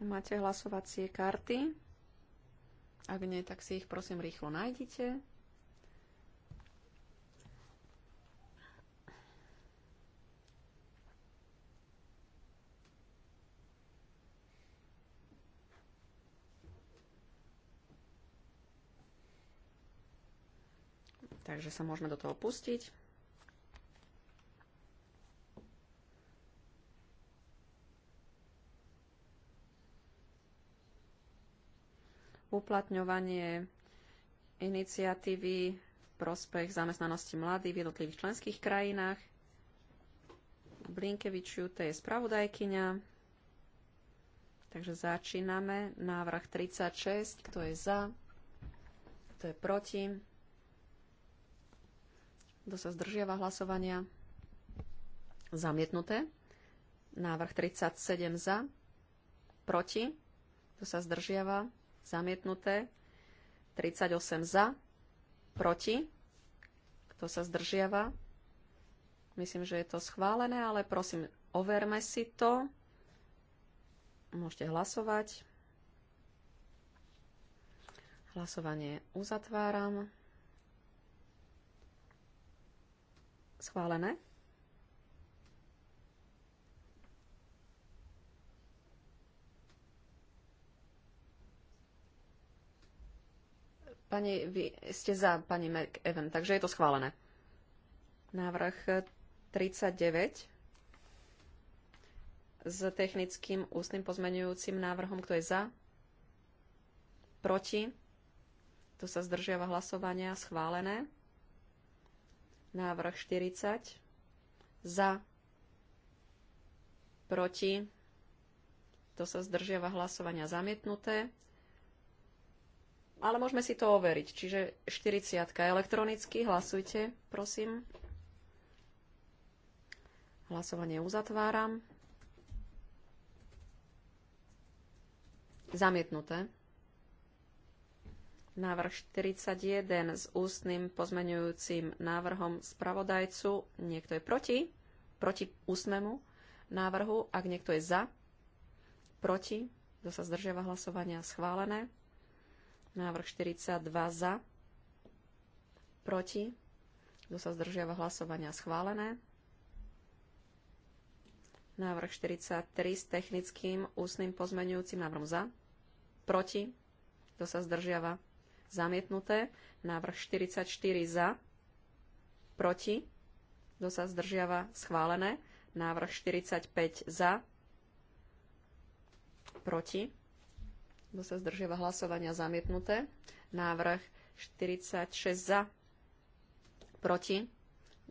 Máte hlasovacie karty? Ak nie, tak si ich prosím rýchlo nájdite. Takže sa môžeme do toho pustiť. uplatňovanie iniciatívy prospech zamestnanosti mladých v jednotlivých členských krajinách. Blinkeviču, to je spravodajkyňa. Takže začíname. Návrh 36, kto je za, kto je proti, kto sa zdržiava hlasovania. Zamietnuté. Návrh 37 za, proti, kto sa zdržiava, zamietnuté, 38 za, proti, kto sa zdržiava. Myslím, že je to schválené, ale prosím, overme si to. Môžete hlasovať. Hlasovanie uzatváram. Schválené. Pani, vy ste za pani McEwen, takže je to schválené. Návrh 39 s technickým ústnym pozmenujúcim návrhom. Kto je za? Proti? Tu sa zdržiava hlasovania. Schválené. Návrh 40. Za. Proti? To sa zdržiava hlasovania. Zamietnuté ale môžeme si to overiť. Čiže 40 elektronicky, hlasujte, prosím. Hlasovanie uzatváram. Zamietnuté. Návrh 41 s ústnym pozmenujúcim návrhom spravodajcu. Niekto je proti? Proti ústnemu návrhu. Ak niekto je za? Proti? Kto sa zdržiava hlasovania? Schválené. Návrh 42 za, proti, kto sa zdržiava hlasovania schválené. Návrh 43 s technickým ústnym pozmenujúcim návrhom za, proti, kto sa zdržiava zamietnuté. Návrh 44 za, proti, kto sa zdržiava schválené. Návrh 45 za, proti, kto sa zdržiava hlasovania zamietnuté? Návrh 46 za. Proti.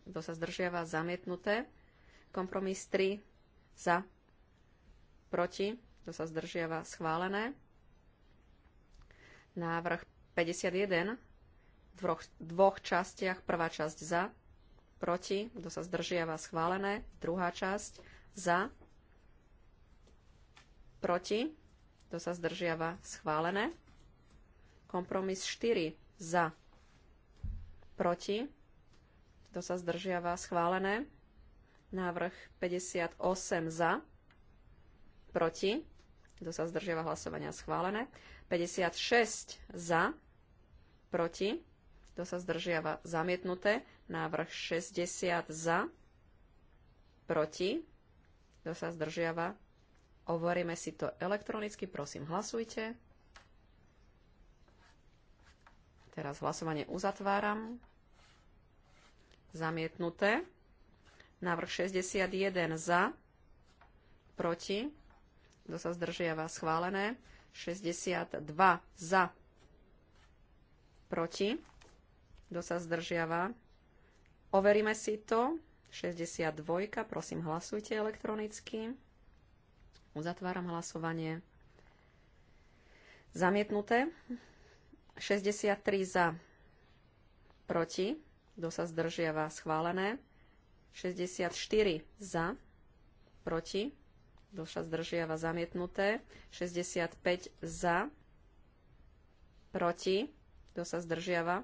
Kto sa zdržiava zamietnuté? Kompromis 3 za. Proti. Kto sa zdržiava schválené? Návrh 51 v dvoch, dvoch častiach. Prvá časť za. Proti. Kto sa zdržiava schválené? Druhá časť za. Proti kto sa zdržiava? Schválené. Kompromis 4. Za. Proti. Kto sa zdržiava? Schválené. Návrh 58 za. Proti. Kto sa zdržiava hlasovania? Schválené. 56 za. Proti. Kto sa zdržiava? Zamietnuté. Návrh 60 za. Proti. Kto sa zdržiava? Overíme si to elektronicky, prosím, hlasujte. Teraz hlasovanie uzatváram. Zamietnuté. Návrh 61 za, proti, kto sa zdržiava schválené, 62 za, proti, kto sa zdržiava. Overíme si to. 62, prosím, hlasujte elektronicky. Uzatváram hlasovanie. Zamietnuté. 63 za, proti. Kto sa zdržiava? Schválené. 64 za, proti. Kto sa zdržiava? Zamietnuté. 65 za, proti. Kto sa zdržiava?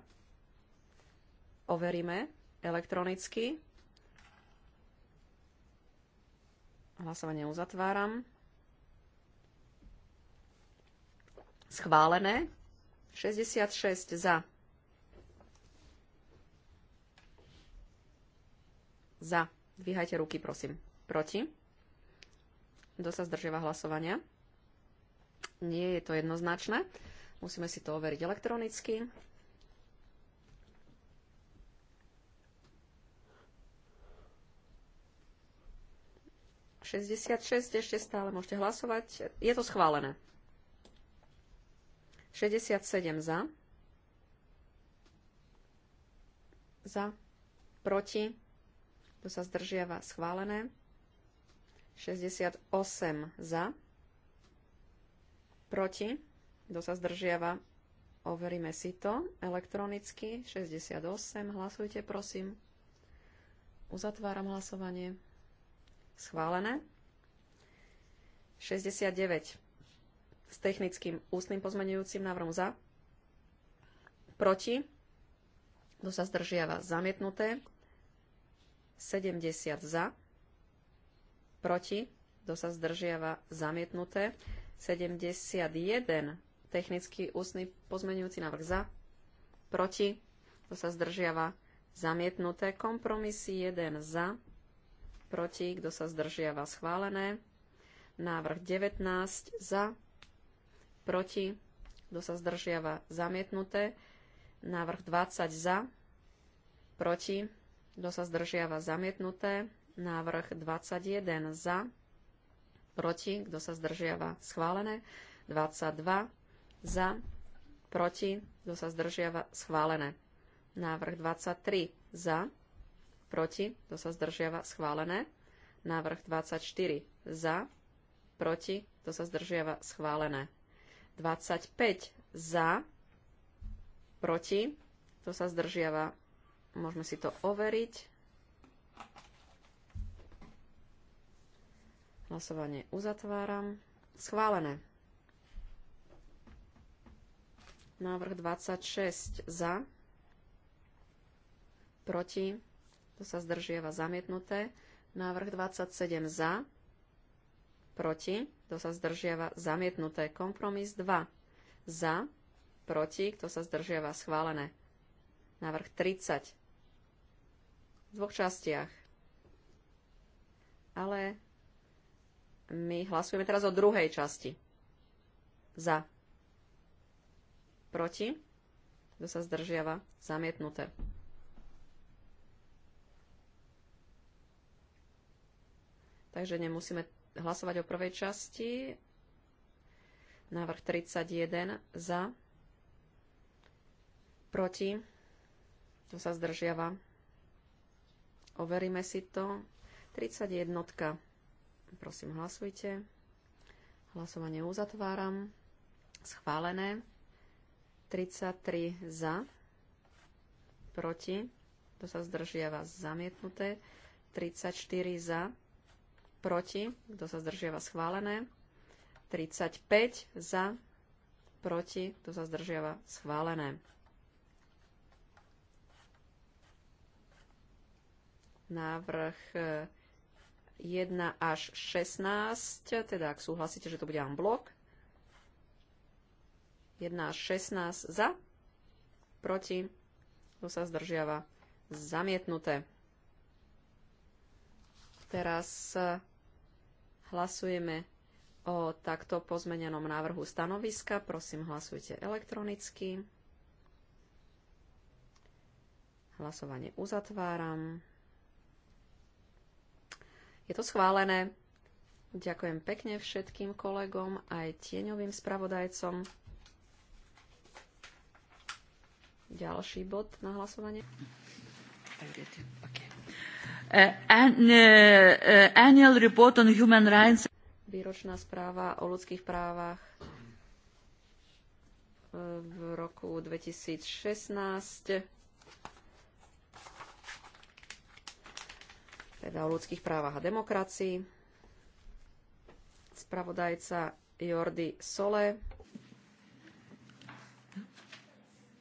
Overíme elektronicky. Hlasovanie uzatváram. Schválené. 66 za. Za. Dvíhajte ruky, prosím. Proti. Kto sa zdržiava hlasovania? Nie je to jednoznačné. Musíme si to overiť elektronicky. ešte stále môžete hlasovať. Je to schválené. 67 za. Za. Proti. Tu sa zdržiava schválené. 68 za. Proti. Kto sa zdržiava? Overíme si to elektronicky. 68. Hlasujte, prosím. Uzatváram hlasovanie. Schválené. 69 s technickým ústnym pozmenujúcim návrhom za, proti, kto sa zdržiava zamietnuté, 70 za, proti, kto sa zdržiava zamietnuté, 71 technický ústny pozmenujúci návrh za, proti, kto sa zdržiava zamietnuté, kompromisy 1 za, proti, kto sa zdržiava schválené, návrh 19 za, proti, kto sa zdržiava, zamietnuté. Návrh 20 za, proti, kto sa zdržiava, zamietnuté. Návrh 21 za, proti, kto sa zdržiava, schválené. 22 za, proti, kto sa zdržiava, schválené. Návrh 23 za, proti, kto sa zdržiava, schválené. Návrh 24 za, proti, kto sa zdržiava, schválené. 25 za, proti, to sa zdržiava, môžeme si to overiť. Hlasovanie uzatváram. Schválené. Návrh 26 za, proti, to sa zdržiava zamietnuté. Návrh 27 za, proti, kto sa zdržiava, zamietnuté. Kompromis 2 za, proti, kto sa zdržiava, schválené. Návrh 30 v dvoch častiach. Ale my hlasujeme teraz o druhej časti. Za. Proti. Kto sa zdržiava? Zamietnuté. Takže nemusíme hlasovať o prvej časti. Návrh 31 za. Proti. To sa zdržiava. Overíme si to. 31. Prosím, hlasujte. Hlasovanie uzatváram. Schválené. 33 za. Proti. To sa zdržiava zamietnuté. 34 za proti, kto sa zdržiava schválené. 35 za, proti, kto sa zdržiava schválené. Návrh 1 eh, až 16, teda ak súhlasíte, že to bude blok. 1 až 16 za, proti, kto sa zdržiava zamietnuté. Teraz eh, Hlasujeme o takto pozmenenom návrhu stanoviska. Prosím, hlasujte elektronicky. Hlasovanie uzatváram. Je to schválené. Ďakujem pekne všetkým kolegom aj tieňovým spravodajcom. Ďalší bod na hlasovanie. Okay. Eh, eh, eh, annual report on human rights. Výročná správa o ľudských právach v roku 2016. Teda o ľudských právach a demokracii. Spravodajca Jordi Sole.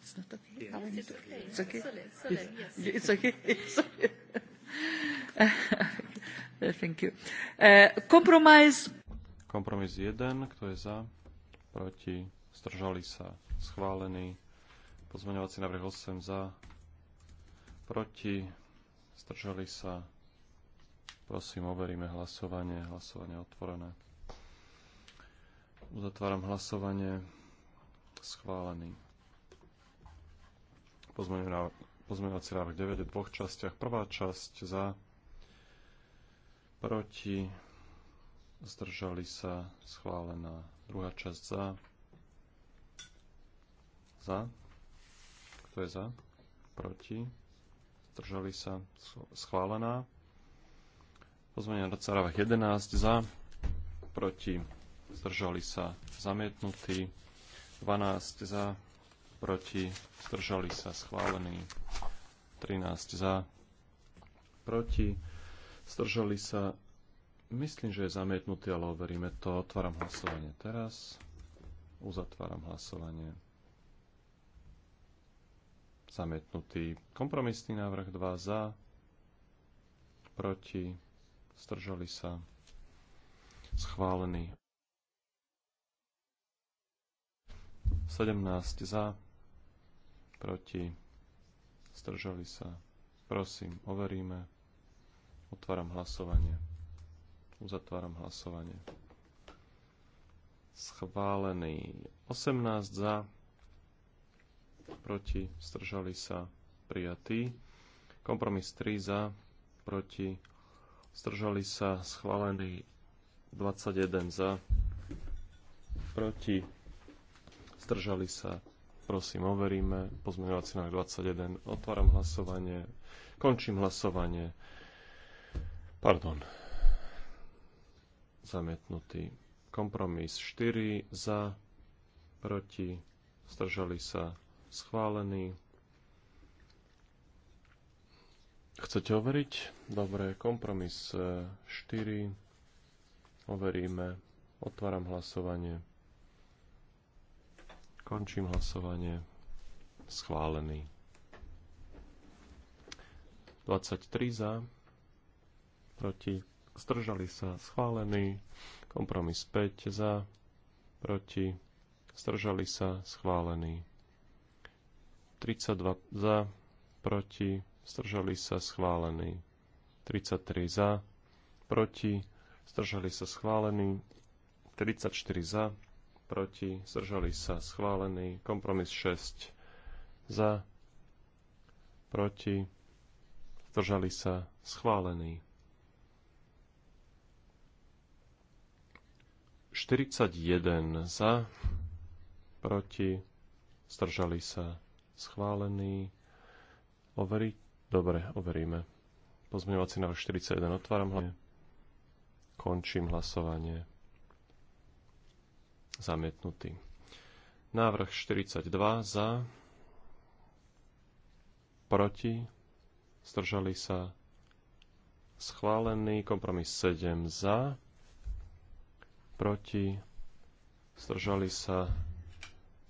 It's okay. It's okay. It's okay. It's okay. It's okay. Eh, kompromis. Kompromis 1, kto je za, proti, zdržali sa, schválený. Pozmeňovací návrh 8 za, proti, zdržali sa. Prosím, overíme hlasovanie. Hlasovanie otvorené. Uzatváram hlasovanie. Schválený. Pozmeňovací návrh 9 v dvoch častiach. Prvá časť za, proti, zdržali sa, schválená druhá časť za, za, kto je za, proti, zdržali sa, schválená. pozvanie na Caravach 11 za, proti, zdržali sa, zamietnutý, 12 za, proti, zdržali sa, schválený, 13 za, proti, Zdržali sa. Myslím, že je zamietnutý, ale overíme to. Otváram hlasovanie teraz. Uzatváram hlasovanie. Zamietnutý. Kompromisný návrh 2 za. Proti. Zdržali sa. Schválený. 17 za. Proti. Zdržali sa. Prosím, overíme. Otváram hlasovanie. Uzatváram hlasovanie. Schválený 18 za, proti, stržali sa, prijatý. Kompromis 3 za, proti, stržali sa, schválený 21 za, proti, stržali sa, prosím, overíme. Pozmeňovací návrh 21. Otváram hlasovanie. Končím hlasovanie. Pardon. Zamietnutý. Kompromis 4 za, proti, zdržali sa, schválený. Chcete overiť? Dobre, kompromis 4. E, Overíme. Otváram hlasovanie. Končím hlasovanie. Schválený. 23 za, proti, zdržali sa schválený, kompromis 5 za, proti, zdržali sa schválený. 32 za, proti, zdržali sa schválený. 33 za, proti, zdržali sa schválený. 34 za, proti, zdržali sa schválený. Kompromis 6 za, proti, zdržali sa schválený. 41 za, proti, zdržali sa schválení, Overi? Dobre, overíme. Pozmeňovací návrh 41 otváram hlavne, Končím hlasovanie. Zamietnutý. Návrh 42 za, proti, zdržali sa schválený. Kompromis 7 za, proti, zdržali sa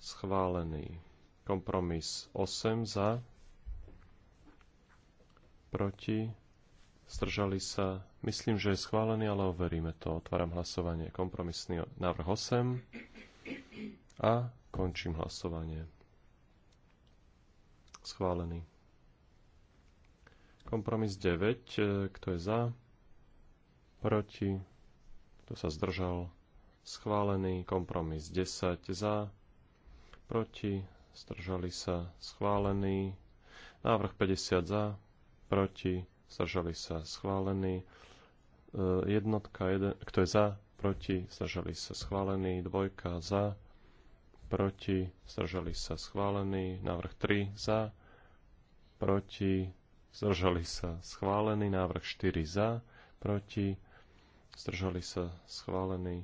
schválený. Kompromis 8 za, proti, zdržali sa, myslím, že je schválený, ale overíme to. Otváram hlasovanie. Kompromisný návrh 8 a končím hlasovanie. Schválený. Kompromis 9, kto je za, proti, kto sa zdržal? Schválený. Kompromis 10 za. Proti. Zdržali sa. Schválený. Návrh 50 za. Proti. Zdržali sa. Schválený. E, jednotka. Jeden, kto je za? Proti. Zdržali sa. Schválený. Dvojka za. Proti. Zdržali sa. Schválený. Návrh 3 za. Proti. Zdržali sa. Schválený. Návrh 4 za. Proti zdržali sa schválený.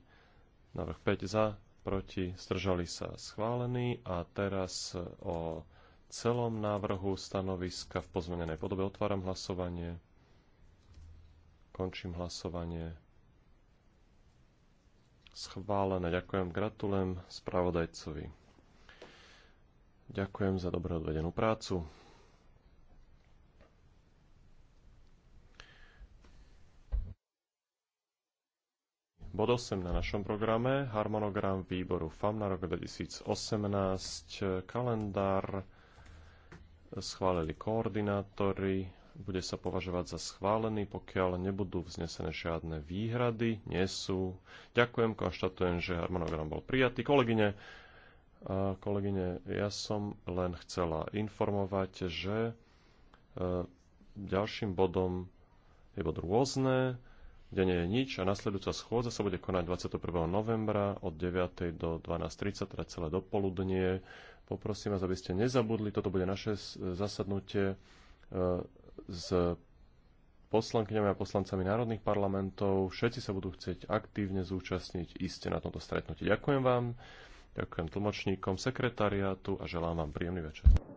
Návrh 5 za, proti, zdržali sa schválený. A teraz o celom návrhu stanoviska v pozmenenej podobe otváram hlasovanie. Končím hlasovanie. Schválené. Ďakujem, gratulujem spravodajcovi. Ďakujem za dobre odvedenú prácu. Bod 8 na našom programe, harmonogram výboru FAM na rok 2018, kalendár schválili koordinátori, bude sa považovať za schválený, pokiaľ nebudú vznesené žiadne výhrady, nie sú. Ďakujem, konštatujem, že harmonogram bol prijatý. Kolegyne, kolegyne, ja som len chcela informovať, že e, ďalším bodom je bod rôzne, kde nie je nič a nasledujúca schôdza sa bude konať 21. novembra od 9. do 12.30, teda celé dopoludnie. Poprosím vás, aby ste nezabudli, toto bude naše zasadnutie e, s poslankyňami a poslancami národných parlamentov. Všetci sa budú chcieť aktívne zúčastniť iste na tomto stretnutí. Ďakujem vám, ďakujem tlmočníkom sekretariátu a želám vám príjemný večer.